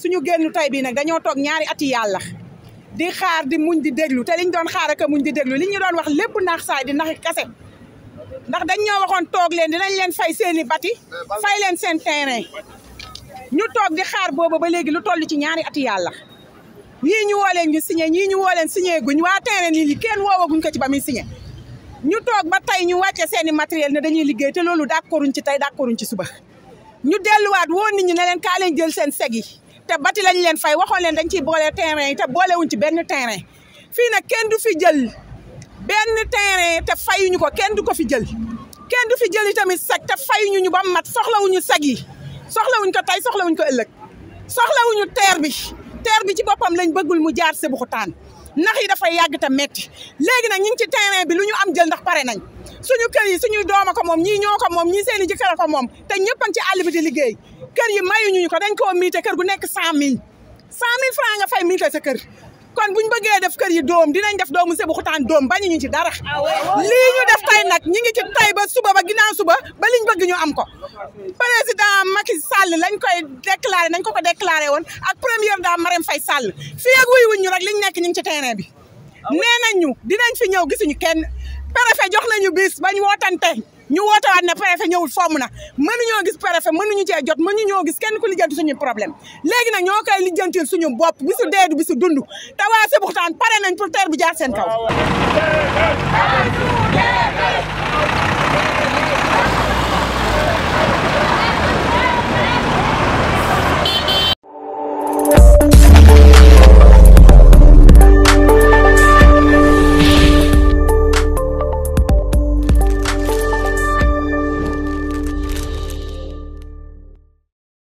suñu génnu tey bii nag dañoo toog ñaari ati yàlla di xaar di muñ di déglu te liñ doon xaar ak muñ di déglu li ñu doon wax lépp naax saay di naxi kase ndax dañ ñoo waxoon toog leen dinañ leen fay seeni bati fay leen seen terrain ñu toog di xaar boobu ba léegi lu toll ci ñaari ati yàlla ñii ñu woo leen ñu signé ñii ñu woo leen signé guñ waa terrain yi kenn woowaguñ ko ci ba muy signé ñu toog ba tey ñu wàcce seeni matériel ne dañuy liggéey te loolu d'accorduñ ci tey d'accorduñ ci suba ñu delluwaat woon nit ñi ne leen kaa leen jël seen seg yi te bati lañ leen fay waxoon leen dañ ciy boole terrain yi te boolewuñ ci benn terrain fii nag kenn du fi jël benn terrain te fayuñu ko kenn du ko fi jël kenn du fi jël tamit seg te fayuñu ñu ba mat soxlawuñu seg yi soxlawuñ ko tey soxlawuñ ko ëllëg soxlawuñu teer bi teer bi ci boppam lañ bëggul mu jaar Sébikotane nax yi dafa yàgg te metti léegi nag ñu ci terrain bi lu ñu am jël ndax pare nañ suñu kër yi suñuy dooma ko moom ñii ñoo ko moom ñii seen i jëkkër ko moom te ñëpp a ngi ci àll bi di liggéey kër yi mayuñu ñu ko dañ koo miite kër gu nekk cent mille cent mille franc a fay miite sa kër kon bu ñu bëggee def kër yi doom dinañ def doomu Sébou Khoutane doom ñu ci dara ah lii ñu def tey nag ñi ngi ci tey ba suba ba ginaa suba ba liñ bëgg ñu am ko président Macky Sall lañ koy déclaré nañ ko ko déclaré woon ak première dame Marème Faye Sall fii ak wuy wuñ ñu rek liñ nekk ñu ngi ci terrain bi. Ah nee nañ ñu dinañ fi ñëw gisuñu kenn préfet jox nañu bis bañ wootante ñu wootewaat ne préfet ñëwul fomm na ñoo gis préfet ñu cee jot mënuñoo gis kenn ku lijjanti suñu problème léegi na ñoo koy lijjantil suñu bopp bisu deedu bisu dund te waa Sébikotane pare nañ pour teer bi jaar seen kaw. Ah